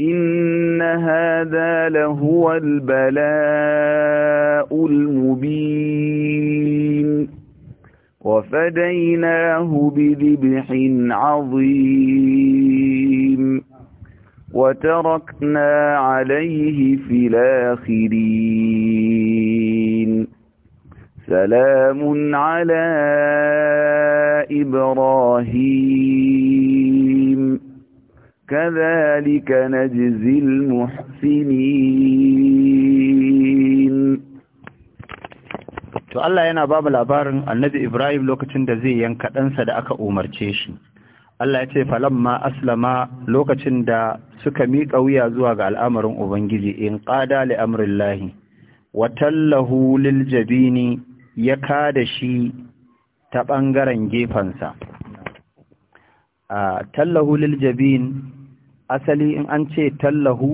إن هذا لهو البلاء المبين وفديناه بذبح عظيم وتركنا عليه في الآخرين سلام على إبراهيم كذلك نجزي المحسنين to Allah yana babu labarin Annabi Ibrahim lokacin da zai yanka ɗansa da aka umarce shi Allah ya ce falamma aslama lokacin da suka miƙa wuya zuwa ga al'amarin Ubangiji in qada li amrillahi wa tallahu lil jabini ya kada shi ta ɓangaren gefensa. A ah, lil jabin asali in an ce tallahu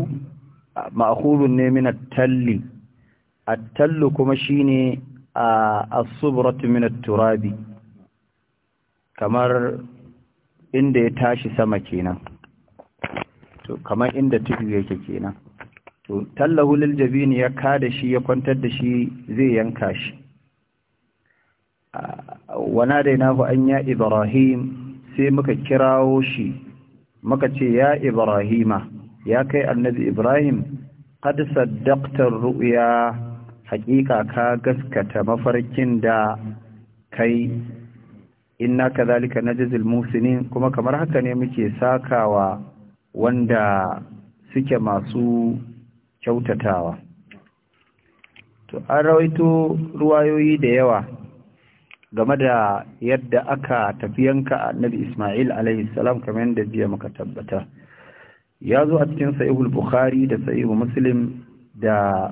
ma'khulun ne mina talli A tallu kuma shi ne a asubratu mina turabi kamar inda ya tashi sama kenan to kamar inda tudu yake kenan to tallahu lil ne ya ka da shi ya kwantar da shi zai yanka shi wana dainahu an ya ibrahim sai muka kirawo shi maka ce ya ibrahima ya kai annabi ibrahim kad saddaqta ru'ya haqiqa ka gaskata mafarkin da kai inna kadhalika najzil musinin kuma kamar haka ne muke sakawa wanda suke masu kyautatawa to an rawaito ruwayoyi da yawa game da yadda aka tafi yanka annabi Ismail alaihi salam kamar yadda jiya muka tabbata ya zo a cikin sahihul bukhari da sahihu muslim da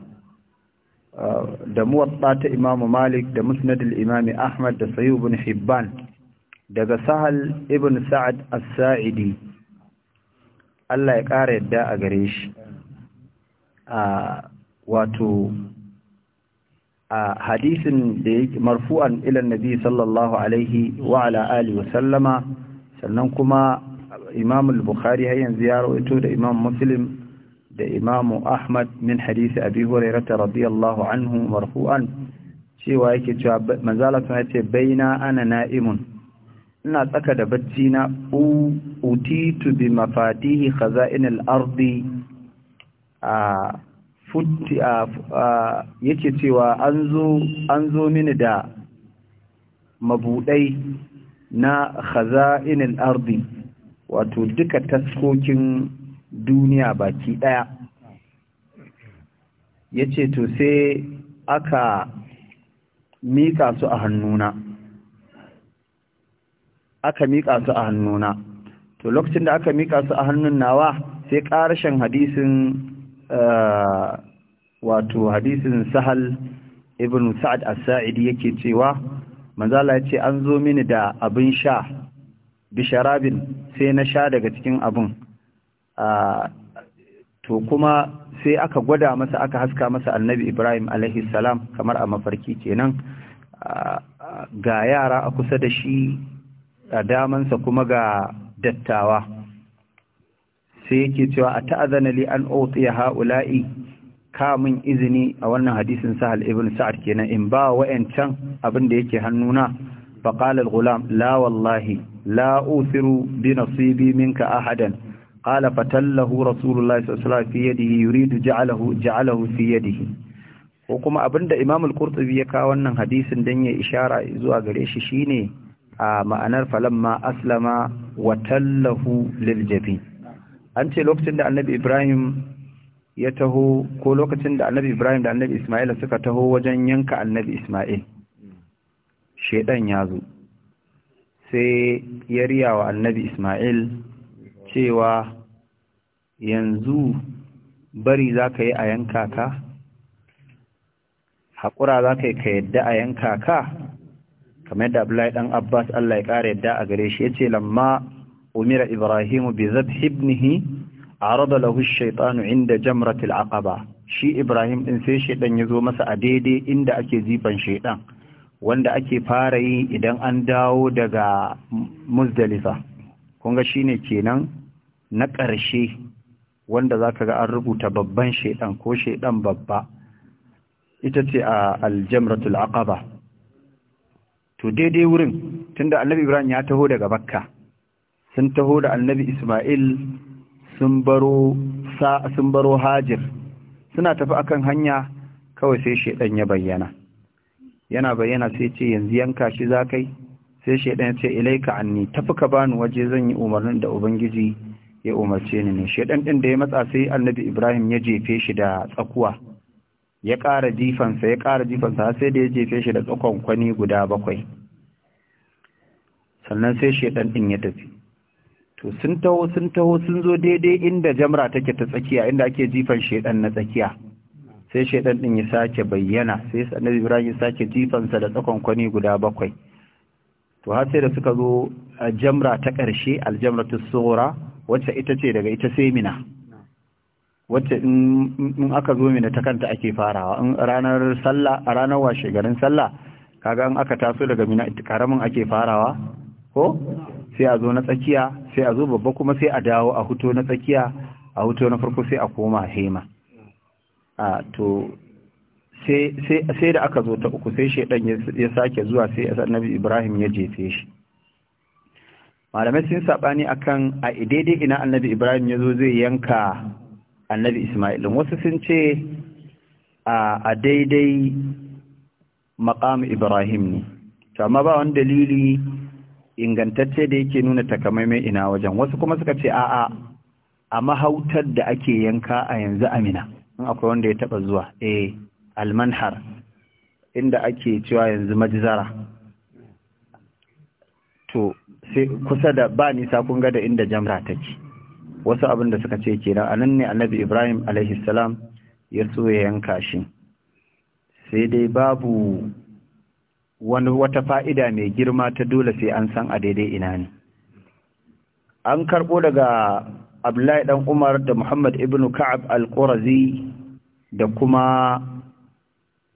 uh, da muwatta ta imamu malik da musnadul imami ahmad da sahihu ibn hibban daga sahal ibn sa'ad as-sa'idi Allah ya ƙara yadda a gare shi uh, wato a hadisin da yake marfu'an ila nabi sallallahu alaihi wa ala alihi wa sallama sannan kuma imam al-bukhari har yanzu ya rawaito da imam muslim da imam ahmad min hadisi abi hurairah radiyallahu anhu marfu'an cewa yake cewa manzala yace baina ana na'imun ina tsaka da bacci na utitu bi mafatihi khaza'in al-ardi a futti a yake cewa an zo mini da mabudai na khaza'inil ardi wato duka taskokin duniya baki daya yace to sai aka mika su a hannuna aka mika su a hannuna to lokacin da aka mika su a hannun nawa sai karshen hadisin wato hadisin sahal ibn sa'ad as-sa'idi yake cewa manzala Allah yace an zo mini da abin sha bi sharabin sai na sha daga cikin abin to kuma sai aka gwada masa aka haska masa annabi ibrahim alaihi salam kamar a mafarki kenan ga yara a kusa da shi a damansa kuma ga dattawa sai yake cewa a ta'azana li an utiya haula'i kamun izini a wannan hadisin sahal ibnu sa'ad kenan in ba wa'ancan abin da yake hannuna fa qala al-ghulam la wallahi la uthiru bi nasibi minka ahadan qala fatallahu rasulullahi sallallahu alaihi wasallam fi yadihi yuridu ja'alahu ja'alahu fi yadihi ko kuma abinda imam al-qurtubi ya kawo wannan hadisin dan ya ishara zuwa gare shi shine a ma'anar falamma aslama wa tallahu lil an ce lokacin da annabi ibrahim ya taho ko lokacin da annabi ibrahim da annabi ismaila suka taho wajen yanka annabi ismail shaidan ya zo sai ya riya wa annabi ismail cewa yanzu bari za ka yi a yanka ka haƙura za ka yi ka yadda a yanka ka kamar da abu ɗan abbas allah ya ƙara yadda a gare shi ya ce lamma umira ibrahimu bi zabhi ibnihi arada lahu ash inda jamrat al-aqaba shi ibrahim din sai shedan yazo masa a daidai inda ake jifan shedan wanda ake fara yi idan an dawo daga muzdalifa kunga shine kenan na ƙarshe wanda zaka ga an rubuta babban shedan ko shedan babba ita ce a aljamratul aqaba to daidai wurin tunda annabi ibrahim ya taho daga bakka sun taho da annabi Ismail sun baro hajir suna tafi akan hanya kawai sai shaidan ya bayyana yana bayyana sai ce yanzu yanka shi za kai sai shaidan ce ilaika anni tafi ka bani waje zan yi umarnin da ubangiji ya umarce ni ne shaidan din da ya matsa sai annabi ibrahim ya jefe shi da tsakuwa ya ƙara jifansa ya ƙara jifansa sai da ya jefe shi da tsakon kwani guda bakwai sannan sai shaidan ɗin ya tafi to sun taho sun taho sun zo daidai inda jamra take ta tsakiya inda ake jifan shedan na tsakiya sai shedan din ya sake bayyana sai annabi ibrahim ya sake jifansa da tsakon kwani guda bakwai to har sai da suka zo jamra ta ƙarshe aljamratu sughra wacce ita ce daga ita sai mina wacce in aka zo mina ta kanta ake farawa in ranar sallah a ranar washe garin sallah kaga in aka taso daga mina karamin ake farawa ko sai a zo na tsakiya sai a zo babba kuma sai a dawo a huto na tsakiya a huto na farko sai a koma hema a to sai da aka zo ta uku sai shaidan ya sake zuwa sai annabi ibrahim ya jefe shi malamai sun saɓani akan a daidai ina annabi ibrahim ya zo zai yanka annabi ismail wasu sun ce a daidai Makamu ibrahim ne to amma ba wani dalili ingantacce da yake nuna takamaimai ina wajen wasu kuma suka ce a'a a mahautar da ake yanka a yanzu amina in akwai wanda ya taba zuwa eh almanhar inda ake cewa yanzu majizara to sai kusa da ba nisa kun ga da inda jamra take wasu abin da suka ce nan anan ne annabi ibrahim alaihi salam ya so ya yanka shi sai dai babu wani wata fa'ida mai girma ta dole sai an san a daidai ina ne an karɓo daga abdullahi ɗan umar da muhammad ibn ka'ab al-qurazi da kuma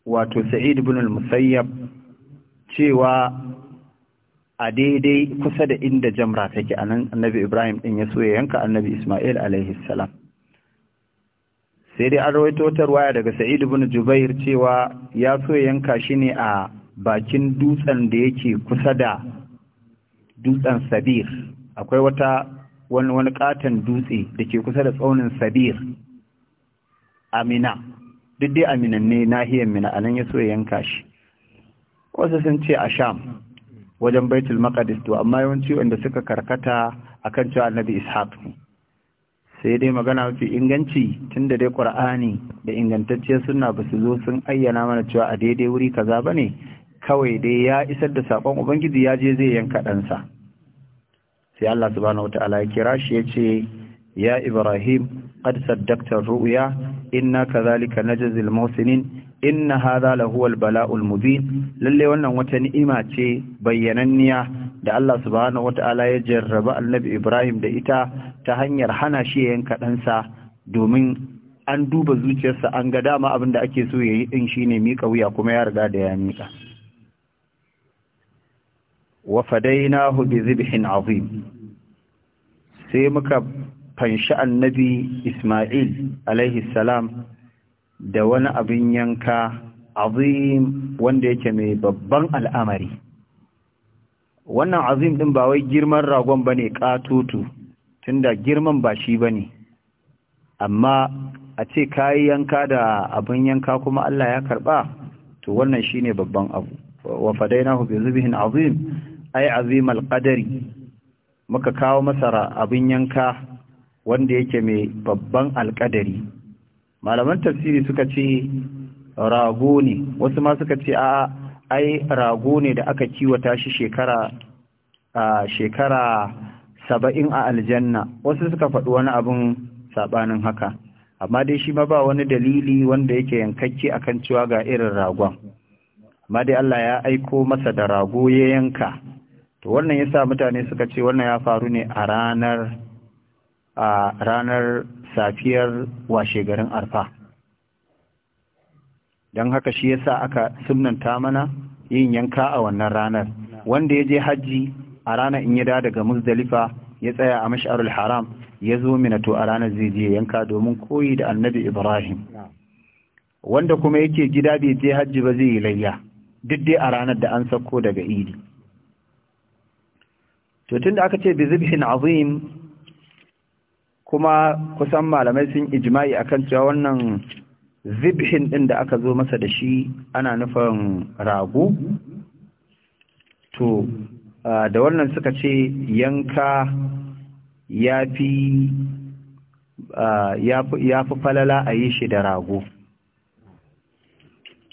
wato sa'id ibn al-musayyab cewa a daidai kusa da inda jamra take a annabi ibrahim ɗin ya so yanka annabi isma'il alaihi salam sai dai an rawaito ta waya daga sa'id ibn jubair cewa ya so yanka shi ne a bakin dutsen da yake kusa da dutsen sabir akwai wata wani wani katon dutse da ke kusa da tsaunin sabir amina duk dai aminan ne nahiyar mina a nan ya so ya yanka shi wasu sun ce a sham wajen baitul maqdis to amma yawanci wanda suka karkata akan cewa annabi ishaq ne sai dai magana mafi inganci tun da dai ƙur'ani da ingantacciyar suna ba su zo sun ayyana mana cewa a daidai wuri kaza ba ne kawai dai ya isar da sakon ubangiji ya je zai yanka ɗansa sai Allah subhanahu Ala ya kira shi ya ce ya Ibrahim qad saddaqta ru’uya, inna na jazil mausinin, inna za lahuwal al-bala'ul mubin lalle wannan wata ni'ima ce bayyananniya da Allah subhanahu Ala ya jarraba annabi Ibrahim da ita ta hanyar hana shi ya yanka ɗansa domin an duba zuciyarsa an ga dama abin da ake so ya yayi din ne miƙa wuya kuma ya riga da ya miƙa wa fadainahu bi azim sai muka fanshi annabi Ismail alaihi salam da wani abin yanka azim wanda yake mai babban al'amari wannan azim din ba wai girman ragon bane katutu tunda girman ba shi bane amma a ce kayi yanka da abin yanka kuma Allah ya karba to wannan shine babban abu wa fadainahu bi azim ai azimal qadari muka kawo masara abin yanka wanda yake mai babban alƙadari malaman tafsiri suka ce rago ne wasu ma suka ce a ai rago ne da aka kiwata shi shekara a shekara saba'in a aljanna wasu suka faɗi wani abin saɓanin haka amma dai shi ma ba wani dalili wanda yake yankakke akan cewa ga irin ragon amma dai Allah ya aiko masa da rago ya yanka to wannan yasa mutane suka ce wannan ya faru ne a ranar a ranar safiyar garin arfa don haka shi yasa aka sunanta mana yin yanka a wannan ranar wanda ya je hajji a ranar in ya daga muzdalifa ya tsaya a mash'arul haram ya zo minato a ranar zai je yanka domin koyi da annabi ibrahim wanda kuma yake gida bai je hajji ba zai yi layya duk dai a ranar da an sauko daga idi to da aka ce bi zubhin azim kuma kusan malamai sun ijma'i akan cewa wannan zibhin din da aka zo masa da shi ana nufin rago to da wannan suka ce yanka ya fi falala a shi da rago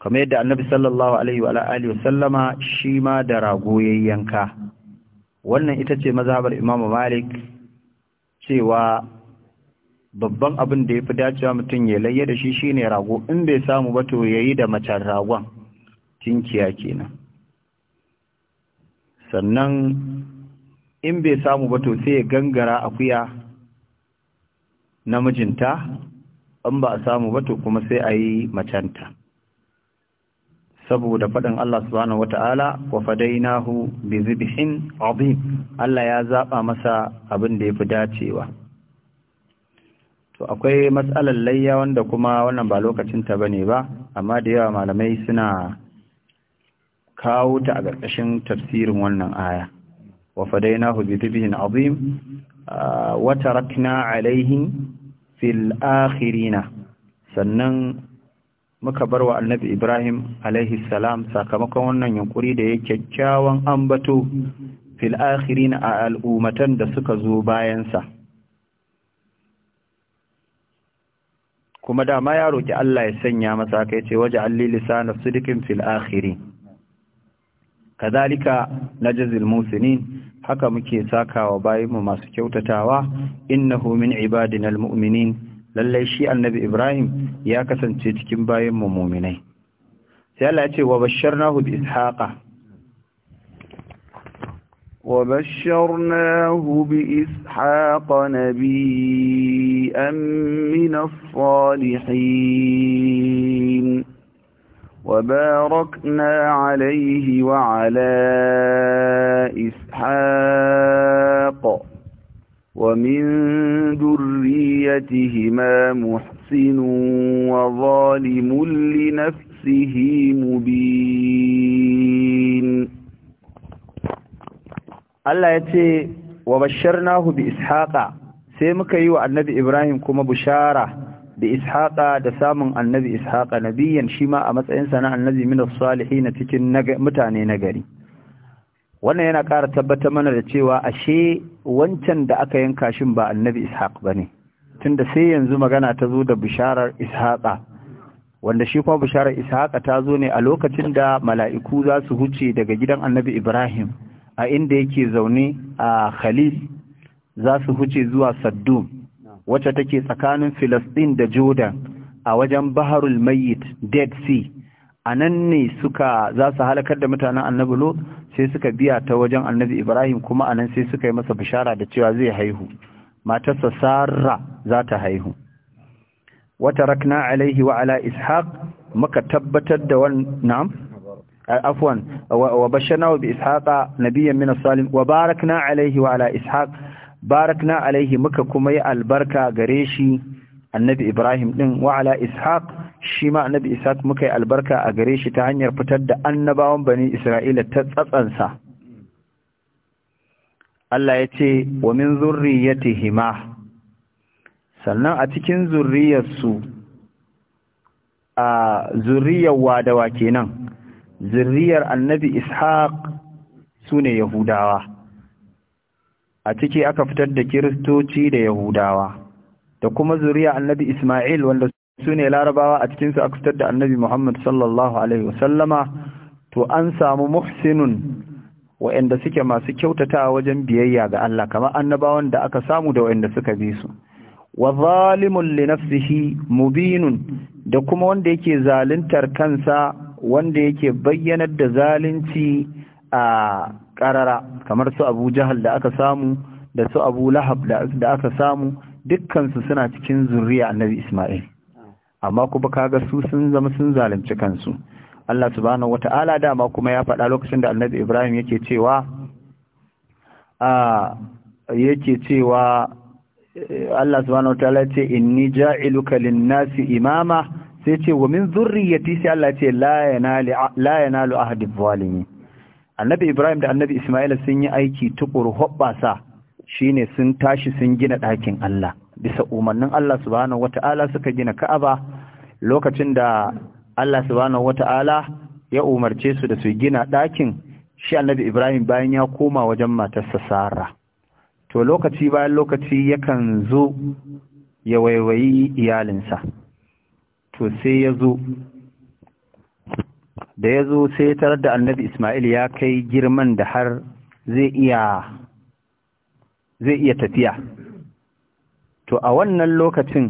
kamar yadda annabi sallallahu alaihi wa alihi shi ma da rago yayyanka yanka wannan ita ce mazhabar imamu malik cewa babban abin da ya fi dacewa mutum ya layya da shi shi ne rago in bai samu ba ya yi da macen ragon tinkiya kenan sannan in bai samu ba sai ya gangara akuya namijinta in ba a samu ba kuma sai a yi macenta saboda faɗin Allah subhanahu wata'ala wa fadainahu bi zibhin azim Allah ya zaba masa abin da yafi dacewa to akwai matsalar layya wanda kuma wannan ba lokacin ta bane ba amma da yawa malamai suna kawo ta a ƙarƙashin tafsirin wannan aya wa fadainahu bi zibhin azim ah, wa tarakna alaihim fil akhirina sannan muka bar wa annabi Ibrahim alaihi salam sakamakon wannan yunkuri da ya kyakkyawan ambato fil akhirin a al'ummatan da suka zo bayansa. Kuma dama ya roki Allah ya sanya masa kai ce waje alli lisana sidikin fil akhirin. Kazalika na musinin haka muke sakawa bayanmu masu kyautatawa innahu min ibadinal mu'minin lallai shi annabi Ibrahim ya kasance cikin bayan mu muminai sai Allah ya ce wa basharnahu bi ishaqa wa basharnahu bi ishaqa nabiyyan وبشرناه بإسحاق نبيا من الصالحين وباركنا عليه وعلى إسحاق wa ذريتهما محسن وظالم لنفسه مبين Allah ya ce wa basharnahu bi ishaqa sai muka yi wa annabi Ibrahim kuma bushara da ishaqa da samun annabi ishaqa nabiyan shi ma a matsayinsa na annabi min as-salihin cikin mutane nagari wannan yana ƙara tabbatar mana da cewa ashe wancan da aka yanka shin ba annabi ishaq ba ne tunda sai yanzu magana ta zo da bisharar ishaqa wanda shi kuma bisharar ishaqa ta zo ne a lokacin da mala'iku za su huce daga gidan annabi ibrahim a inda yake zaune a khalil za su huce zuwa saddum wacce take tsakanin filistin da jordan a wajen baharul mayit dead sea a nan ne suka za su halakar da mutanen annabi lot sai suka biya ta wajen annabi Ibrahim kuma anan sai suka yi masa bishara da cewa zai haihu matarsa Sarra za ta haihu wa tarakna alaihi wa ala ishaq muka tabbatar da wannan afwan wa bashana bi ishaqa nabiyyan min as-salim wa barakna alaihi wa ala ishaq barakna alaihi muka kuma yi albarka gare shi annabi Ibrahim din wa ala ishaq shi ma annabi isa muka yi albarka a gare shi ta hanyar fitar da annabawan bani isra'ila ta tsatsansa Allah ya ce wa min zurriyatihima sannan a cikin zurriyarsu a zurriyar wadawa kenan zurriyar annabi ishaq su ne yahudawa a ciki aka fitar da kiristoci da yahudawa da kuma zuriyar annabi isma'il wanda su ne larabawa a cikinsu aka fitar da annabi muhammad sallallahu alaihi wasallama to an samu muhsinun wa'inda suke masu kyautata wajen biyayya ga Allah kamar annabawan da aka samu da wayanda suka bi su wa zalimun li mubinun da kuma wanda yake zaluntar kansa wanda yake bayyanar da zalunci a karara kamar su Abu Jahal da aka samu da su Abu Lahab da aka samu dukkan suna cikin zuriya Annabi Isma'il amma kuma ka ga su sun zama sun zalunci kansu Allah subhanahu wata'ala dama kuma ya faɗa lokacin da Annabi Ibrahim yake cewa a yake cewa Allah subhanahu wataala ce inni ja'iluka lin-nasi imama sai ce wa min zurriyyati sai Allah ce la yanalu la yanalu Annabi Ibrahim da Annabi Isma'il sun yi aiki tukuru hobbasa shine sun tashi sun gina ɗakin Allah bisa umarnin Allah subhanahu wata'ala suka gina Ka'aba lokacin da Allah subhanahu wata'ala ya umarce su da su gina ɗakin shi Annabi Ibrahim bayan ya koma wajen matarsa Sara to lokaci bayan lokaci yakan zo ya waiwayi iyalinsa to sai ya zo da ya zo sai ya tarar da annabi Ismail ya kai girman da har zai iya zai iya tafiya to a wannan lokacin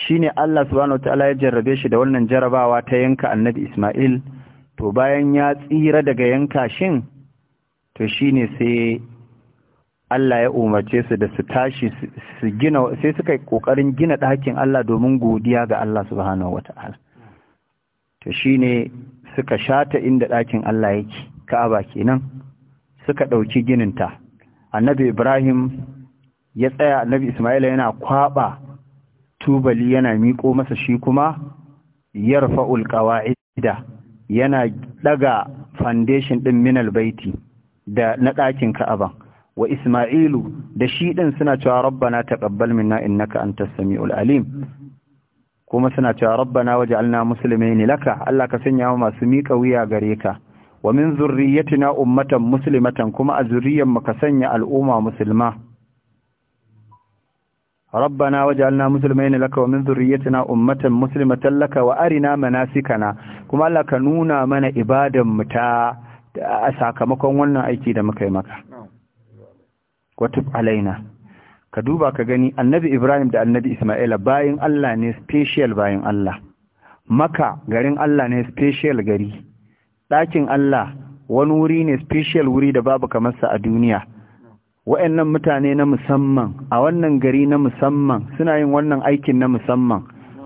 shi ne Allah subhanahu wataala ya jarrabe shi da wannan jarrabawa ta yanka annabi Ismail to bayan ya tsira daga yanka shin to ne sai Allah ya umarce su da su tashi su gina sai suka yi kokarin gina ɗakin Allah domin godiya ga Allah subhanahu wataala to ne suka shata inda ɗakin Allah yake Ka'aba kenan suka ɗauki gininta annabi Ibrahim ya tsaya annabi Ismaila yana kwaba tubali yana miƙo masa shi kuma yarfa'ul qawa'ida yana daga foundation din minal baiti da na ɗakin Ka'aba wa Ismailu da shi din suna cewa rabbana taqabbal minna innaka antas samiul alim kuma suna cewa rabbana waj'alna ne laka Allah ka sanya mu masu miƙa wuya gare ka wa min zurriyyatina ummatan muslimatan kuma a zuriyar mu ka sanya al'umma musulma ربنا وجعلنا مسلمين لك ومن ذريتنا أمة مسلمة لك وأرنا مناسكنا كما لك نونا من إبادة متاع أساكمك ولنا أيتي دمك يمك وتب علينا كدوبا كغني النبي إبراهيم دا النبي إسماعيل باين الله ني سبيشيال باين الله مكا غرين الله ني سبيشيال غري لكن الله ونوري ني ne special wuri da babu kamarsa wa'annan mutane na musamman a wannan gari na musamman suna yin wannan aikin na musamman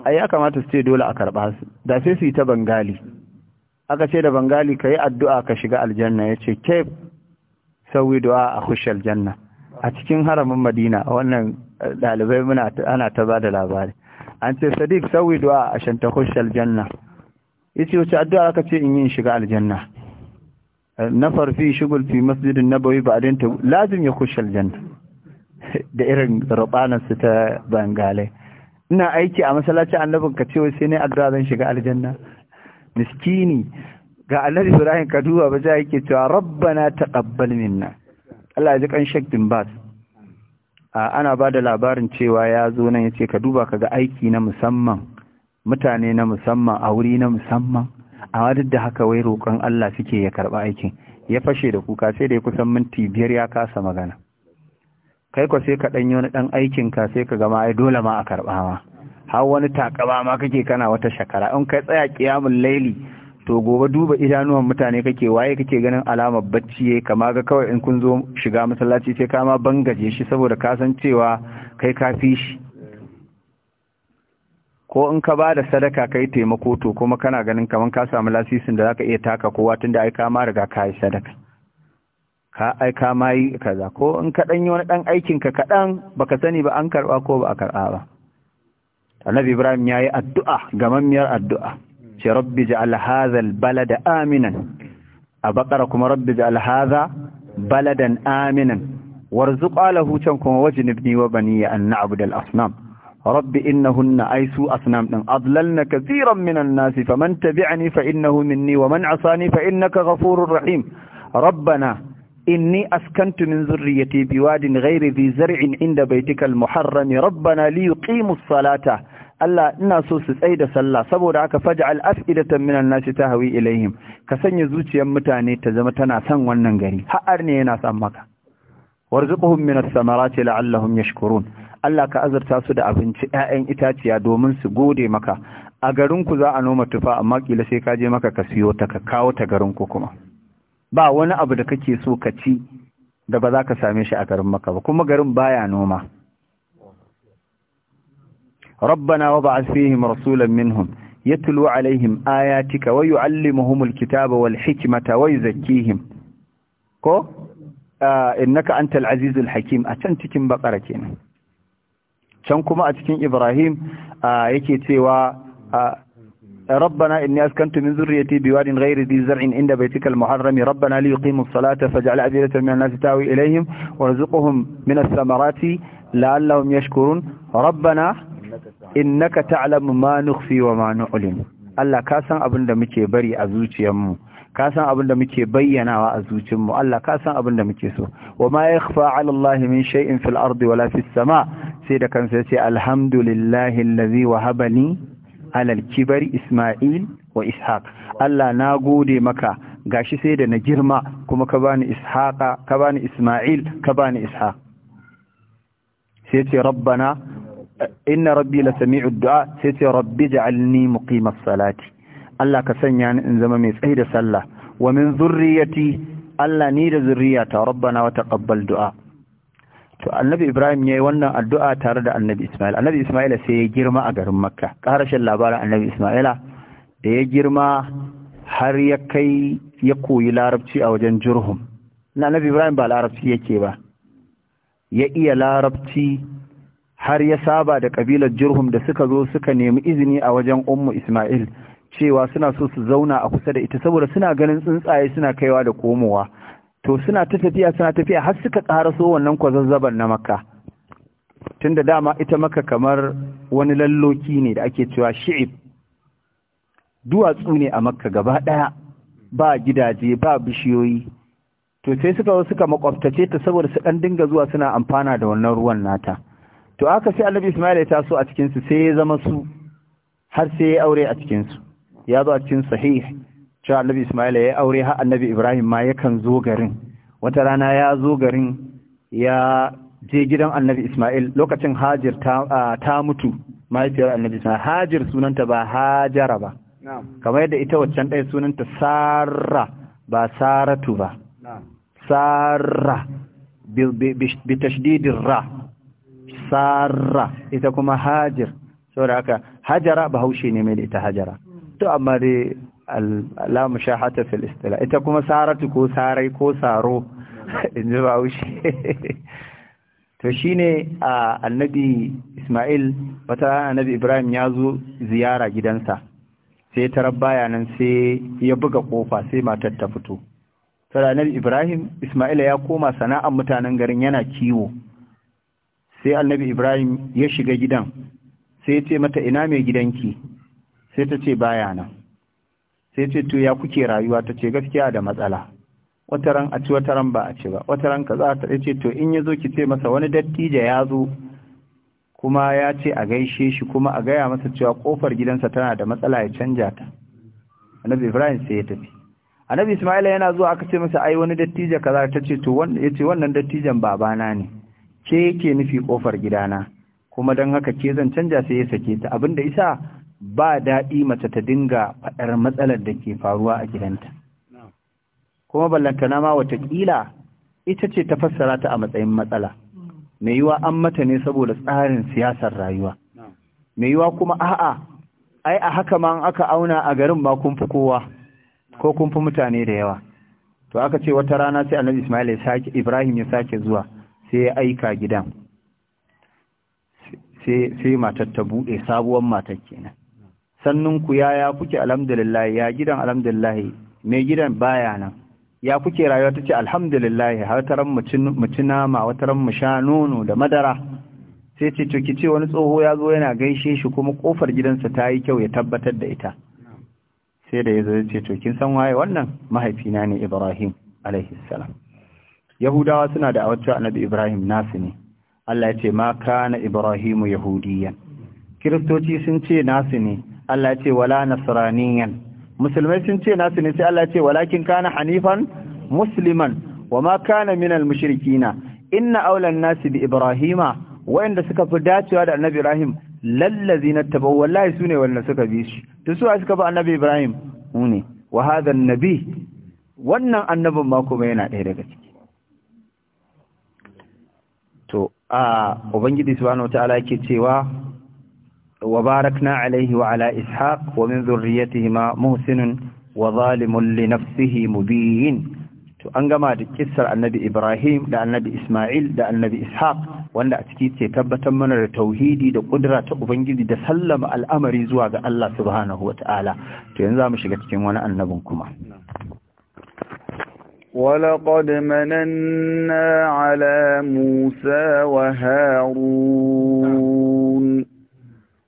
ai ya kamata su ce dole a karɓa su da sai su yi ta bangali aka ce da bangali ka yi addu'a ka shiga aljanna ya ce ke sauyi du'a a kushe aljanna a cikin haramin madina a wannan eh, ɗalibai muna ana ta ba da labari an ce sadiq sauyi du'a a shanta kushe aljanna ya ce wace addu'a aka ce in yi shiga aljanna nafar fi shugul fi masjidin nabawi ba adinta lazim ya kushe aljanna da irin rubanarsu ta bangale ina aiki a masallaci annabin ka ce sai ne addu'a zan shiga aljanna miskini ga annabi ibrahim ka ba za yake cewa rabbana taqabbal minna Allah ya ji kan shek din bas ana ba da labarin cewa ya zo nan ya ce ka duba ka aiki na musamman mutane na musamman a wuri na musamman amma duk da haka wai roƙon Allah suke ya karɓa aikin ya fashe da kuka sai da ya kusan minti biyar ya kasa magana kai ko sai ka ɗanyi wani ɗan aikin ka sai ka gama ai dole ma a karɓa ma har wani takaba ma kake kana wata shakara in kai tsaya kiyamun laili to gobe duba idanuwan mutane kake waye kake ganin alamar bacci yayi kama ga kawai in kun zo shiga masallaci sai ka ma bangaje shi saboda ka san cewa kai ka fi shi ko in ka ba da sadaka kai taimako to kuma kana ganin kamar ka samu lasisin da zaka iya taka kowa tunda ai ka ma riga ka yi sadaka ka ai ka ma yi kaza ko in ka ɗan wani dan aikin ka kadan baka sani ba an karba ko ba a karba ba Annabi Ibrahim yayi addu'a gamammiyar addu'a ce rabbi ja'al hadha da aminan a bakara kuma rabbi ja'al hadha baladan aminan warzuq alahu can kuma wajnibni wa bani an na'budu al-asnam rabbi innahunna aisu su asnam din adlalna kathiran minan nas faman tabi'ani fa innahu minni wa man asani fa innaka ghafurur rahim rabbana inni askantu min zurriyyati biwadin ghairi dhi zar'in inda baitikal muharram rabbana liyuqimus salata Allah ina so su tsaye da sallah saboda haka faj'al af'idatan minan nasi tahwi ilaihim ka sanya zuciyar mutane ta zama tana son wannan gari har ne yana son maka warzuqhum minas samarati la'allahum yashkurun Allah ka azurta su da abinci ‘ya'yan itaciya domin su gode maka a garinku za a noma tufa amma kila sai ka je maka ka siyo ta ka kawo ta garinku kuma ba wani abu da kake so ka ci da ba za ka same shi a garin maka ba kuma garin baya noma rabbana wa ba'ath fihim rasulan minhum yatlu alaihim ayatika wa yu'allimuhum alkitaba wal hikmata wa yuzakkihim ko ah, innaka antal azizul hakim a can cikin bakara kenan can kuma a cikin ibrahim yake cewa ربنا إني أسكنت من ذريتي بواد غير ذي زرع عند بيتك المحرم ربنا ليقيموا الصلاة فاجعل أبيلة من الناس تاوي إليهم ورزقهم من الثمرات لعلهم يشكرون ربنا إنك تعلم ما نخفي وما نعلم ألا كاسم أبن دمكي بري أزوتي أمو كاسا أبن دمكي بينا وأزوجي أمو ألا كاسا أبن دمكي سو وما يخفى على الله من شيء في الأرض ولا في السماء sai da kansa sai ce alhamdulillahi allazi ni alal kibari isma'il wa ishaq Allah na gode maka gashi sai da na girma kuma ka bani ishaqa ka bani isma'il ka bani ishaq sai ce rabbana inna rabbi lasami'u du'a sai ce rabbi ja'alni muqimas salati Allah ka sanya ni in zama mai tsayi da sallah wa min zurriyati Allah ni da zurriyata rabbana wa taqabbal du'a to annabi ibrahim ya yi wannan addu'a tare da annabi ismail annabi ismaila sai ya girma a garin makka ƙarashin labarin annabi ismaila da ya girma har ya kai ya koyi larabci a wajen jurhum na annabi ibrahim ba larabci yake ba ya iya larabci har ya saba da ƙabilar jurhum da suka zo suka nemi izini a wajen ummu ismail cewa suna so su zauna a kusa da ita saboda suna ganin tsuntsaye suna kaiwa da komowa to suna ta tafiya suna tafiya har suka ƙaraso wannan kwazazzabar na makka tunda dama ita maka kamar wani lalloki ne da ake cewa shi'ib duwatsu ne a makka gaba ɗaya ba gidaje ba bishiyoyi to sai suka suka makwabtace ta saboda su ɗan dinga zuwa suna amfana da wannan ruwan nata to aka sai annabi ismail ya taso a cikinsu sai ya zama su har sai ya aure a cikinsu ya zo a cikin sahih cewa annabi Ismail ya aure har annabi Ibrahim ma yakan zo garin wata rana ya zo garin ya je gidan annabi Ismail lokacin hajir ta, mutu mahaifiyar annabi Ismail hajir sunanta ba Hajara ba kamar yadda ita waccan ɗaya sunanta Sarra ba Saratu ba Sarra bi tashdidin ra Sarra ita kuma hajir saboda haka Hajara Bahaushe ne mai da ita Hajara to amma dai la mushahata fil istila ita kuma saratu ko sarai ko saro in ji bahaushe to shine a annabi Ismail wata annabi Ibrahim ya zo ziyara gidansa sai tarar ya nan sai ya buga kofa sai matar ta fito tara annabi Ibrahim Ismail ya koma sana'ar mutanen garin yana kiwo sai annabi Ibrahim ya shiga gidan sai ya ce mata ina mai gidanki sai ta ce baya nan sai ce to ya kuke rayuwa ta ce gaskiya da matsala Wata ran a ci ran ba a ci ba Wata wataran kaza ta ce to in ya zo ki ce masa wani dattija ya zo kuma ya ce a gaishe shi kuma a gaya masa cewa kofar gidansa tana da matsala ya canja ta annabi ibrahim sai ya tafi annabi Isma'il yana zuwa aka ce masa ai wani ka kaza ta ce to wannan yace wannan dattijan babana ne ke yake nufi kofar gidana kuma don haka ke zan canja sai ya sake ta abin abinda isa ba daɗi mace ta dinga faɗar matsalar da ke faruwa a gidanta kuma ballantana ma watakila ita ce ta fassara ta a matsayin matsala mai yiwa an mata ne saboda tsarin siyasar rayuwa mai yiwa kuma a'a ai a haka ma aka auna a garin ma kun fi kowa ko kun fi mutane da yawa to aka ce wata rana sai annabi Ismail ya sake Ibrahim ya sake zuwa sai ya aika gidan sai matar ta buɗe sabuwar matar kenan sannunku ya kuke alhamdulillah ya gidan alhamdulillah mai gidan baya nan ya kuke rayuwa ta ce alhamdulillah har taran muci nama wataran mu sha nono da madara sai ce to kici wani tsoho ya zo yana gaishe shi kuma kofar gidansa ta yi kyau ya tabbatar da ita sai da ya zo ce to kin san waye wannan mahaifina ne ibrahim alaihi salam yahudawa suna da awatta annabi ibrahim nasu ne Allah ya ce ma kana ibrahimu yahudiyan kiristoci sun ce nasu ne Allah ce wala nasraniyan musulmai sun ce nasu ne sai Allah ce walakin kana hanifan musliman wama kana minal mushrikina inna aulan nasi bi ibrahima wayanda suka fi dacewa da annabi ibrahim lallazina tabawwa wallahi ne wanda suka bi shi to su suka bi annabi ibrahim ne wa hadha annabi wannan annabin ma kuma yana ɗaya daga ciki to a ubangiji subhanahu wataala yake cewa na وباركنا عليه وعلى إسحاق ومن ذريتهما li وظالم mu biyin tu an gama da kissar annabi Ibrahim da annabi Ismail da annabi Ishaq wanda a ciki ce tabbatar mana da tauhidi da kudura ta Ubangiji da sallama al'amari zuwa ga Allah subhanahu wa ta'ala to yanzu za mu shiga cikin wani annabin kuma ولقد مننا musa wa وهارون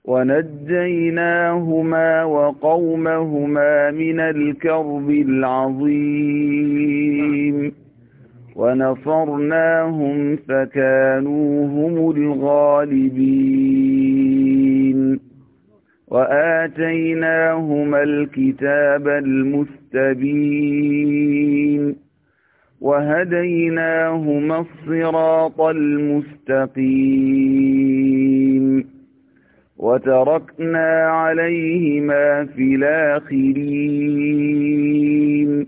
ونجيناهما وقومهما من الكرب العظيم ونصرناهم فكانوا هم الغالبين وآتيناهما الكتاب المستبين وهديناهما الصراط المستقيم وتركنا عليهما في الآخرين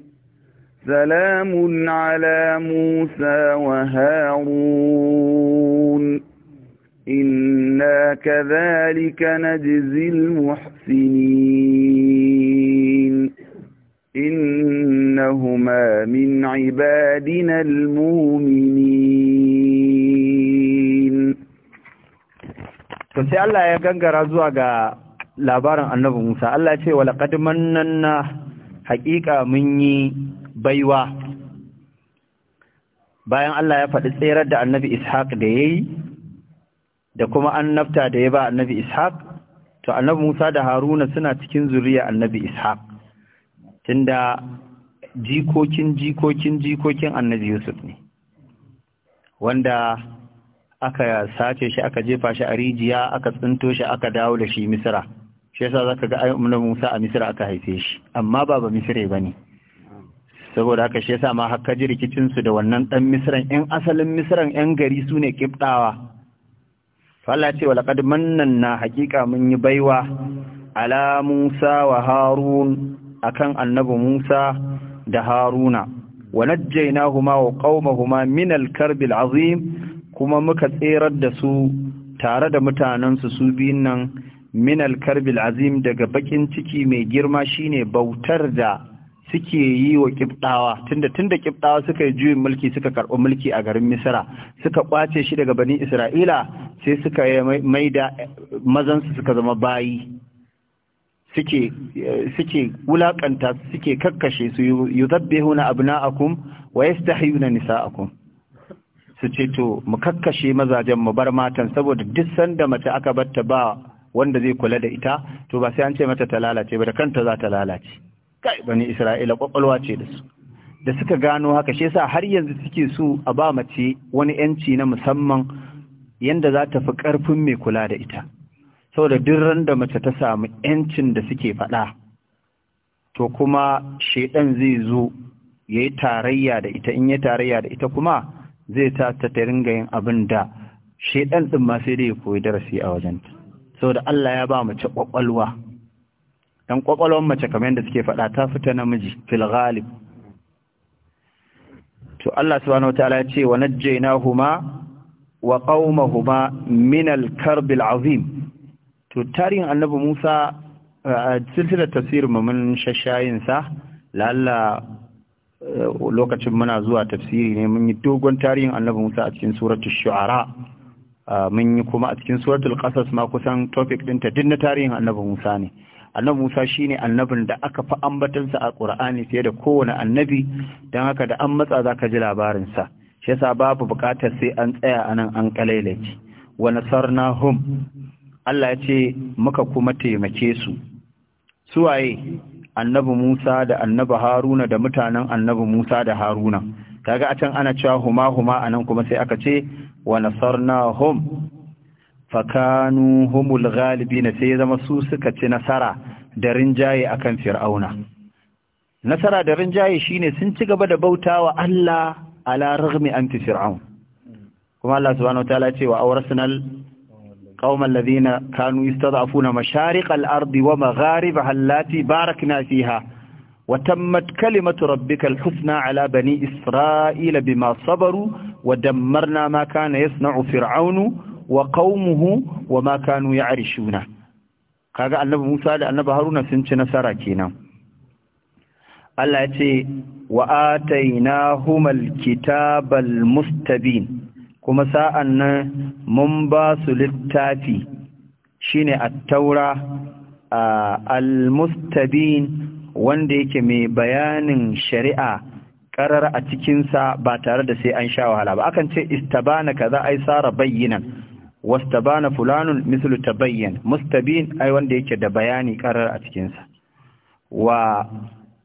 سلام على موسى وهارون إنا كذلك نجزي المحسنين إنهما من عبادنا المؤمنين to sai Allah ya gangara zuwa ga labarin annabi Musa Allah ya ce wa laqad mannanna haqiqa mun yi baiwa bayan Allah ya faɗi tsayar da annabi Ishaq da yayi da kuma annabta da ya ba annabi Ishaq to annabi Musa da Haruna suna cikin zuriya annabi Ishaq tunda jikokin jikokin jikokin annabi Yusuf ne wanda aka sace shi aka jefa shi a rijiya aka tsinto shi aka dawo da shi misira shi yasa zaka ga ayyukan Musa a misira aka haife shi amma ba ba misira bane saboda haka shi yasa ma haka ji rikicin su da wannan dan misiran in asalin misiran yan gari su ne kiftawa Allah ce wa laqad na haqiqa mun yi baiwa ala Musa wa Harun akan annabi Musa da Haruna wa najjaynahuma wa qaumahuma min al-karbil azim kuma muka tserar da su tare da mutanensu su biyun nan min alkarbil azim daga bakin ciki mai girma shine bautar da suke yi wa kibdawa tunda tunda kibdawa suka yi juyin mulki suka karɓi mulki a garin misira suka kwace shi daga bani isra'ila sai suka mai da mazansu suka zama bayi suke suke wulakanta suke kakkashe su yuzabbihuna abna'akum wa yastahyuna nisa'akum su ce to mu kakkashe mazajen mu bar matan saboda duk sanda mace aka batta ba wanda zai kula da ita to ba sai an ce mata ta lalace ba da kanta za ta lalace kai bani isra'ila kwakwalwa ce da su da suka gano haka shi yasa har yanzu suke so a ba mace wani yanci na musamman yanda za ta fi karfin mai kula da ita saboda duk ran da mace ta samu yancin da suke faɗa to kuma shedan zai zo yayi tarayya da ita in yayi tarayya da ita kuma zai ta ta ringa yin abin da shaidan din ma sai dai ya koyi darasi a wajenta saboda Allah ya ba mace kwakwalwa dan kwakwalwar mace kamar yadda suke faɗa ta fita namiji fil ghalib to Allah subhanahu wataala ya ce wa huma wa qaumahuma min al karb al azim to tarihin annabi Musa a silsilar tafsirin mun shashayin sa lalla lokacin muna zuwa tafsiri ne mun yi dogon tarihin annabi Musa a cikin suratul shu'ara mun yi kuma a cikin suratul qasas ma kusan topic din duk dinna tarihin annabi Musa ne annabi Musa shine annabin da aka fi ambatansa a Qur'ani fiye da kowane annabi dan haka da an matsa zaka ji labarin sa shi yasa babu bukatar sai an tsaya anan an kalailaci wa nasarnahum Allah ya ce muka kuma taimake su Su waye. annabi Musa da annabi Haruna da mutanen annabi Musa da Haruna kaga a can ana cewa huma huma anan kuma sai aka ce wa nasarnahum fakanu humul na sai ya zama su suka ci nasara da rinjaye akan fir'auna nasara da rinjaye shine sun ci gaba da bautawa Allah ala raghmi anti fir'aun kuma Allah subhanahu wataala ya ce wa awrasnal القوم الذين كانوا يستضعفون مشارق الأرض ومغاربها التي باركنا فيها وتمت كلمة ربك الحسنى على بني إسرائيل بما صبروا ودمرنا ما كان يصنع فرعون وقومه وما كانوا يعرشونه kaga annabi Musa da annabi Haruna sun ci nasara kenan Allah ya ce wa atainahumal kitabal mustabin kuma sa'an nan mun ba su littafi shine a taura al-mustabin wanda yake mai bayanin shari'a ƙarar a cikinsa ba tare da sai an sha wahala ba akan ce istabana kaza ai sara bayyinan wastabana fulanun mislu bayyan mustabin ai wanda yake da bayani karar a cikinsa wa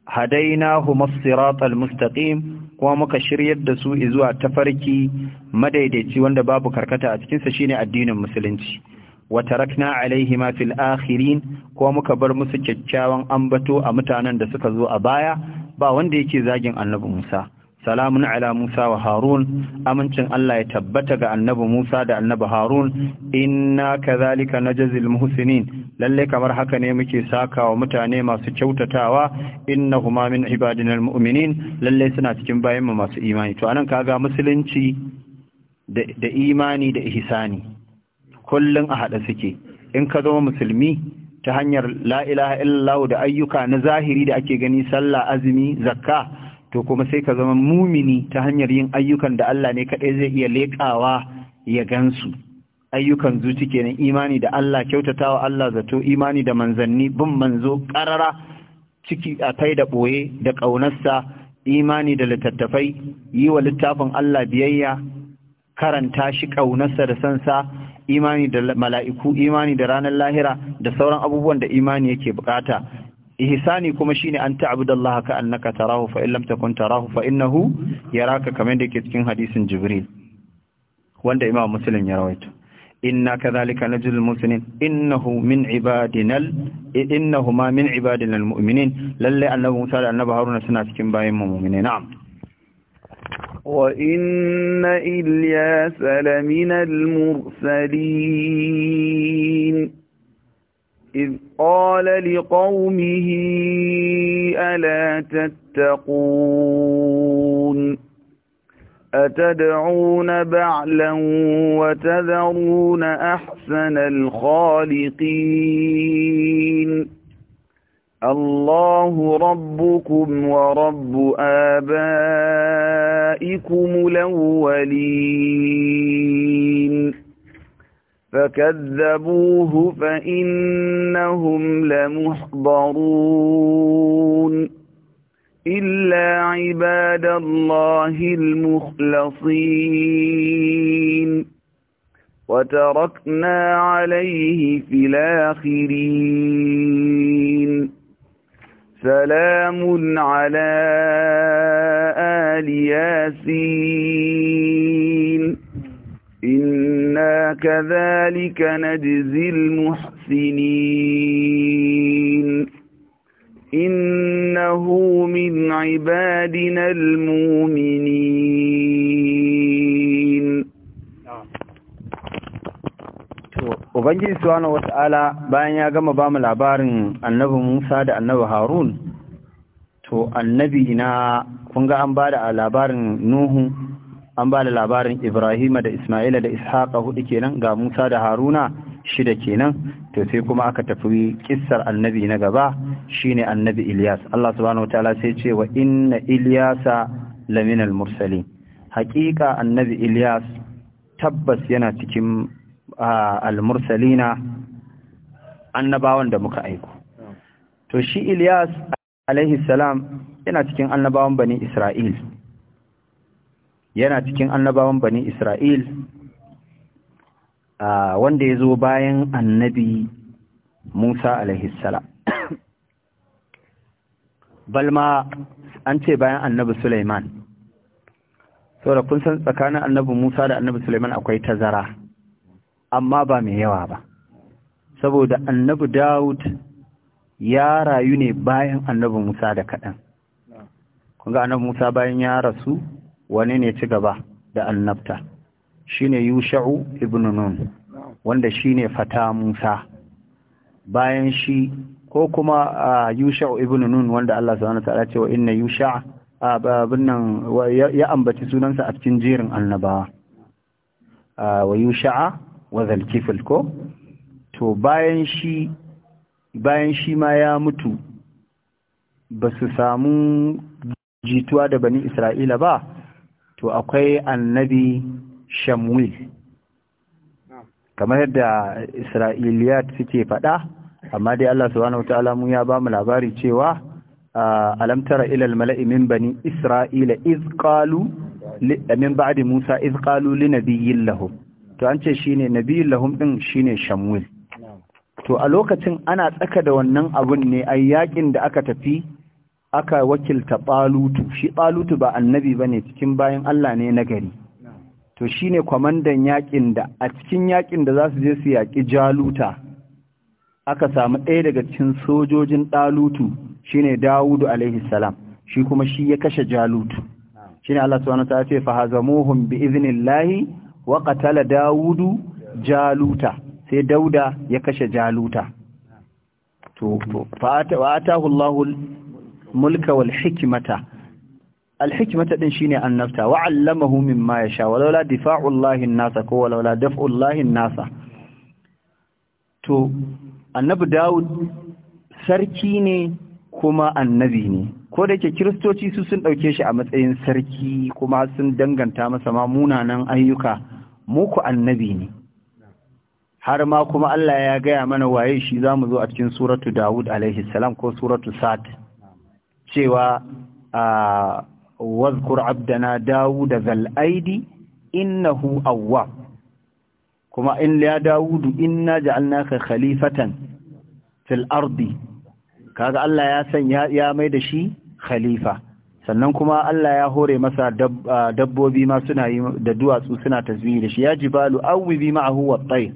hadainahu as-siratal mustaqim kuma muka shiryar da su zuwa tafarki madaidaici wanda babu karkata a cikinsa shine addinin musulunci wa tarakna ma fil akhirin kuma muka bar musu kyakkyawan ambato a mutanen da suka zo a baya ba wanda yake zagin annabi Musa salamun ala Musa wa Harun amincin Allah ya tabbata ga annabi Musa da annabi Harun inna kazalika najzil Muhusinin. lalle kamar haka ne muke sakawa mutane masu kyautatawa innahuma min ibadinal mu'minin lalle suna cikin bayan mu masu imani to anan kaga musulunci da imani da ihsani Kullum a haɗa suke in ka zama musulmi ta hanyar la illallah da ayyuka na zahiri da ake gani sallah azumi zakka to kuma sai ka zama mumini ta hanyar yin ayyukan da Allah ne kaɗai zai iya leƙawa ya gansu ayyukan zuci kenan imani da Allah kyautatawa Allah zato imani da manzanni bin manzo ƙarara ciki a kai da ɓoye da ƙaunarsa imani da littattafai yi wa littafin Allah biyayya karanta shi ƙaunarsa da sansa imani da mala'iku imani da ranar lahira da sauran abubuwan da imani yake bukata ihsani kuma shine an ta'budallaha ka annaka tarahu fa in lam takun tarahu fa innahu yaraka kama da yake cikin hadisin jibril wanda imam muslim ya rawaito inna kadhalika najzul muslimin innahu min ibadinal innahu ma min ibadinal mu'minin lalle annabi musa da annabi haruna suna cikin bayin mu'mini na'am wa inna ilyasa lamina al-mursalin إذ قال لقومه ألا تتقون أتدعون بعلا وتذرون أحسن الخالقين الله ربكم ورب آبائكم الأولين فكذبوه فإنهم لمحضرون إلا عباد الله المخلصين وتركنا عليه في الآخرين سلام على آل ياسين إنا كذلك نجزي المحسنين إنه من عبادنا المؤمنين Ubangiji Subhanahu wata'ala bayan ya gama bamu labarin annabi Musa da annabi Harun to annabi na kun ga an bada da labarin Nuhu an ba da labarin Ibrahima da Ismaila da Ishaqa hudu kenan ga Musa da Haruna shida kenan to sai kuma aka tafi kissar annabi na gaba shine annabi Ilyas Allah subhanahu wataala sai ce wa inna Ilyasa laminal mursalin haƙiƙa annabi Ilyas tabbas yana cikin al-mursalina annabawan da muka aiko to shi Ilyas alaihi salam yana cikin annabawan bani Isra'il yana cikin annabawan bani Isra'il wanda ya zo bayan annabi Musa alaihissala. Balma an ce bayan annabi Sulaiman. da kun san tsakanin annabi Musa da annabi Sulaiman akwai tazara, amma ba mai yawa ba. Saboda annabi Dawud ya rayu ne bayan annabi Musa da kaɗan. Kun ga annabi Musa bayan ya rasu, wani ne ci gaba da annabta shine yusha'u ibn nun wanda shine fata musa bayan shi ko kuma yusha'u ibn nun wanda Allah subhanahu ta'ala ce wa inna yusha'a abinnan ya ambaci sunansa a cikin jerin annabawa wa yusha'a wa zalkifil ko to bayan shi bayan shi ma ya mutu ba su samu jituwa da bani isra'ila ba to akwai annabi shamwil kamar yadda isra'iliya suke faɗa amma dai Allah subhanahu wataala mu ya bamu labari cewa alam tara ilal mala'i min bani isra'ila iz qalu min ba'di musa iz qalu li nabiyyin lahum to an ce shine nabiyyin lahum din shine shamwil to a lokacin ana tsaka da wannan abun ne ai yaƙin da aka tafi aka wakilta ɓalutu shi ɓalutu ba annabi ba ne cikin bayan Allah ne na gari to shi ne kwamandan yaƙin da a cikin yaƙin da za su je su yaƙi jaluta aka samu ɗaya daga cikin sojojin ɗalutu shi ne dawudu alaihi salam shi kuma shi ya kashe jalutu shi ne Allah subhanahu ta ce fahazamuhum bi iznillahi wa qatala dawudu jaluta sai dauda ya kashe jaluta to fa atahu mulka wal hikmata al din shine annabta wa allamahu mimma yasha walaula difa'u llahi an-nasa ko walaula daf'u llahi an-nasa to annabi Dawud sarki ne kuma annabi ne ko da yake kiristoci su sun ɗauke shi a matsayin sarki kuma sun danganta masa ma munanan ayyuka muku annabi ne har ma kuma Allah ya gaya mana waye shi zamu zo a cikin suratu Dawud alaihi salam ko suratu Sad cewa a ah, wazkur abdana dawud zal aidi innahu awwa kuma in ya dawudu inna ja'alnaka khalifatan fil ardi kaga Allah ya san ya mai da shi khalifa sannan kuma Allah ya hore masa ah, dabbobi ma suna yi da duwatsu suna tasbihi da shi ya jibalu bi ma'ahu wat-tayr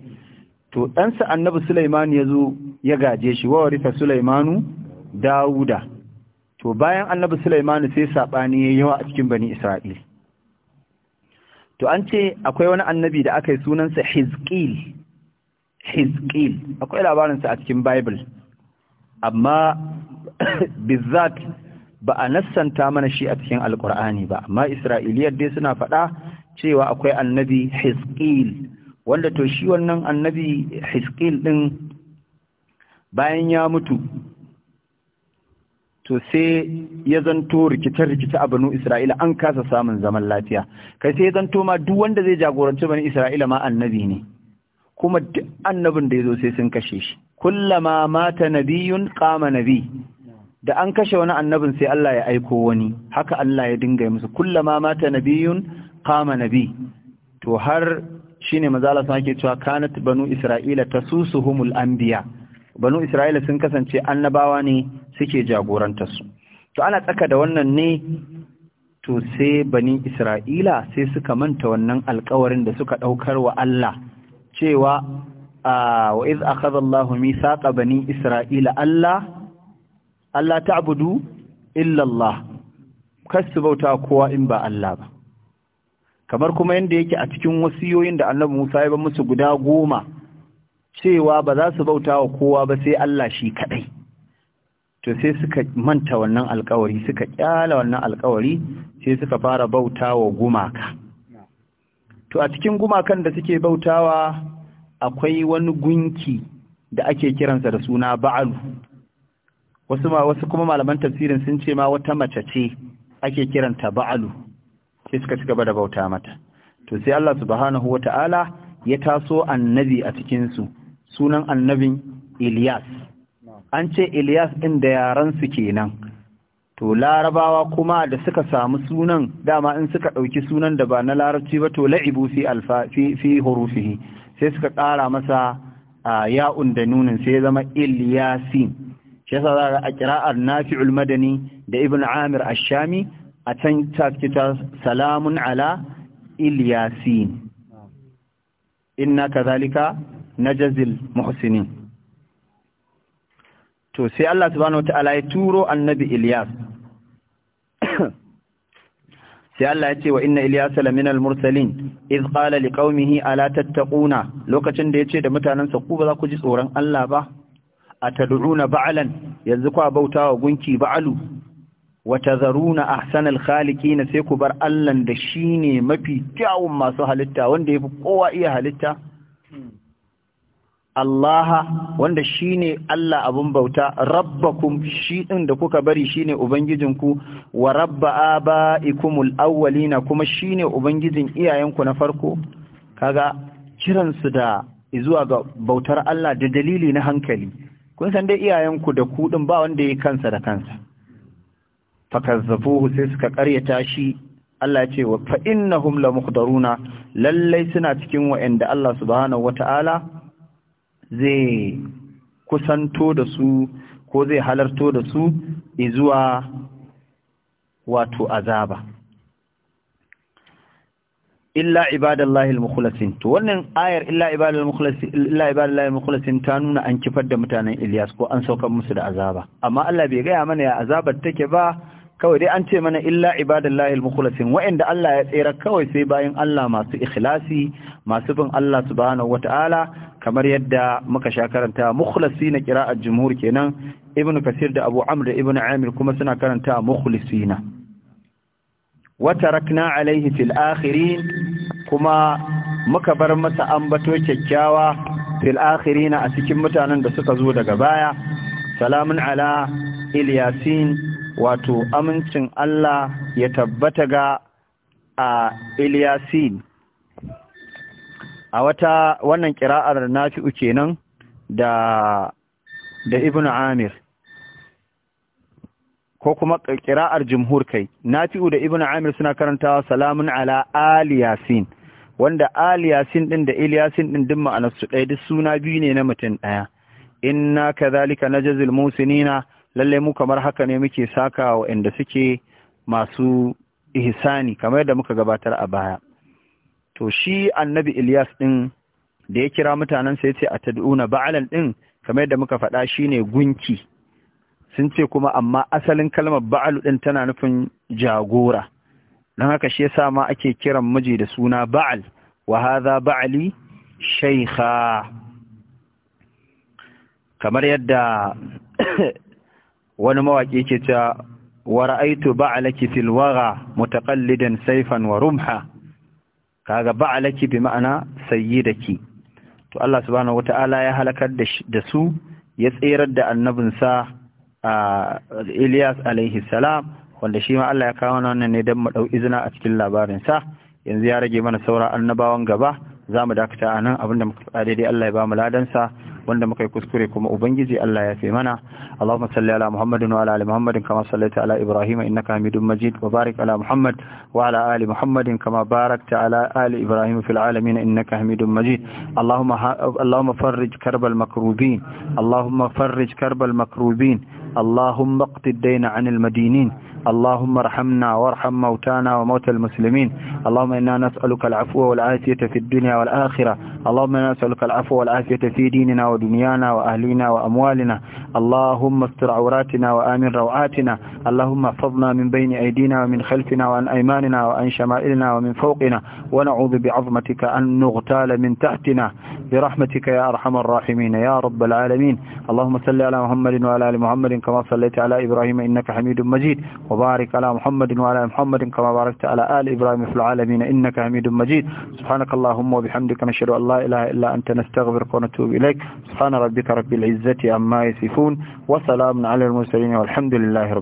to dan sa annabi Sulaiman ya zo ya gaje shi wa warisa Sulaimanu Dawuda to bayan annabi Sulaiman sai sabani yayi yawa a cikin bani Isra'il to an ce akwai wani annabi da aka yi sunansa Hizqil Hizqil akwai labarinsa a cikin Bible amma bizzat ba a nassanta mana shi a cikin alkur'ani ba amma isra'iliyar dai suna faɗa cewa akwai annabi hiskil wanda to shi wannan annabi hiskil ɗin bayan ya mutu to sai ya zanto rikice-rikice a banu Isra'ila an kasa samun zaman lafiya kai sai ya zanto ma duk wanda zai jagoranci banu Isra'ila ma annabi ne kuma duk annabin da ya zo sai sun kashe shi kullama mata nabiyun qama nabi da an kashe wani annabin sai Allah ya aiko wani haka Allah ya dinga yi musu kullama mata nabiyun qama nabi to har shine maza Allah sun ake cewa kanat banu Isra'ila tasusuhumul anbiya' banu isra'ila sun kasance annabawa ne suke jagorantarsu to ana tsaka da wannan ne to sai bani isra'ila sai suka manta wannan alkawarin da suka ɗaukar wa Allah cewa wa iz akhadha Allahu mithaqa bani isra'ila Allah Allah ta'budu illa Allah kasu bauta kowa in ba Allah ba kamar kuma yanda yake a cikin wasiyoyin da Annabi Musa ya ba musu guda goma cewa ba za su bauta wa kowa ba sai Allah shi kaɗai. to sai suka manta wannan alkawari suka kyala wannan alkawari sai suka fara bauta wa gumaka to a cikin gumakan da suke bautawa akwai wani gunki da ake kiransa da suna ba'alu wasu ma wasu kuma malaman tafsirin sun ce ma wata mace ce ake kiranta ba'alu sai suka ci gaba da bauta mata to sai Allah subhanahu wata'ala ya taso annabi a cikinsu. sunan annabin Ilyas an ce Ilyas ɗin da yaransu kenan to larabawa kuma da suka samu sunan dama in suka ɗauki sunan da ba na larabci ba to la'ibu fi alfa fi fi hurufihi sai suka ƙara masa ya'un da nunin sai zama Ilyasin shi yasa za a kira'ar Nafi'ul Madani da Ibn Amir Ash-Shami a can ta salamun ala Ilyasin inna kazalika. na jazil muhsinin to sai Allah subhanahu wata'ala ya turo annabi Ilyas sai Allah ya ce wa inna Ilyas minal mursalin iz qala liqaumihi ala tattaquna lokacin da yace da mutanansa ku ba za ku ji tsoron Allah ba atad'una ba'lan yanzu ku bautawa gunki ba'alu wa tazaruna ahsanal khaliqin sai ku bar Allah da shine mafi kyawun masu halitta wanda yafi kowa iya halitta Allaha wanda ne Allah abin bauta rabbakum shi ɗin da kuka bari shi ne ubangijinku wa rabba ikumul awwalina kuma shi ne ubangijin iyayenku na farko kaga kiransu da zuwa ga bautar Allah da dalili na hankali kun san dai iyayenku da kuɗin ba wanda ya kansa da kansa fakazzabuhu sai suka karyata shi Allah ce wa fa innahum la muhdaruna lallai suna cikin da Allah subhanahu wataala zai kusanto da su ko zai halarto da su zuwa wato azaba illa ibadallahi al-mukhlasin to wannan ayar illa ibadallahi al-mukhlasin ta nuna an kifar da mutanen Ilyas ko an saukar musu da azaba amma Allah bai gaya mana ya azabar take ba kawai dai an ce mana illa ibadallahi al-mukhlasin wa'anda Allah ya tsira kawai sai bayin Allah masu ikhlasi masu bin Allah subhanahu wata'ala kamar yadda muka sha karanta mukhlasi na a jumhur kenan ibn kasir da abu amr da ibn amir kuma suna karanta mukhlisina wata rakna alaihi fil akhirin kuma muka bar masa ambato kyakkyawa fil akhirin a cikin mutanen da suka zo daga baya salamun ala ilyasin wato amincin Allah ya tabbata ga a ilyasin a wata wannan kira'ar nafi'u kenan da da ibn amir ko kuma kira'ar jumhur kai nafi'u da ibn amir suna karantawa salamun ala ali wanda ali yasin din da ilyasin din din ma'anarsu ɗaya duk suna biyu ne na mutum ɗaya inna kadhalika najzil musinina lalle mu kamar haka ne muke saka wa inda suke masu ihsani kamar yadda muka gabatar a baya to shi annabi Ilyas ɗin da ya kira mutanen sai ce a tad'una ba'alan ɗin kamar yadda muka faɗa ne gunki sun ce kuma amma asalin kalmar ba'alu ɗin tana nufin jagora don haka shi yasa ma ake kiran miji da suna ba'al wa haza ba'ali shaikha kamar yadda wani mawaƙi ke ta wa ra'aytu ba'alaki fil mutaqallidan wa rumha kaga alaki bi ma'ana sayyidaki to Allah subhanahu wata'ala ya halakar da su ya tserar da annabinsa a Ilyas alaihi salam wanda shi ma Allah ya kawo wannan ne don mu dau izina a cikin labarin sa yanzu ya rage mana saura annabawan gaba za mu dakata a nan abinda muka faɗa daidai Allah ya ba mu ladansa wanda muka yi kuskure kuma ubangiji Allah ya fi mana Allahumma salli ala Muhammadin wa ala ali Muhammadin kama sallaita ala Ibrahim innaka Hamidum Majid wa barik ala Muhammad wa ala ali Muhammadin kama barakta ala ali Ibrahim fil alamin innaka Hamidum Majid Allahumma Allahumma farrij karbal makrubin Allahumma farrij karbal makrubin اللهم اقض الدين عن المدينين اللهم ارحمنا وارحم موتانا وموتى المسلمين اللهم إنا نسألك العفو والعافية في الدنيا والآخرة اللهم إنا نسألك العفو والعافية في ديننا ودنيانا وأهلنا وأموالنا اللهم استر عوراتنا وآمن روعاتنا اللهم احفظنا من بين أيدينا ومن خلفنا وعن أيماننا وعن شمائلنا ومن فوقنا ونعوذ بعظمتك أن نغتال من تحتنا برحمتك يا أرحم الراحمين يا رب العالمين اللهم صل على محمد وعلى آل محمد كما صليت على إبراهيم إنك حميد مجيد وبارك على محمد وعلى محمد كما باركت على آل إبراهيم في العالمين إنك حميد مجيد سبحانك اللهم وبحمدك نشهد أن لا إله إلا أنت نستغفرك ونتوب إليك سبحان ربك رب العزة عما يصفون وسلام على المرسلين والحمد لله رب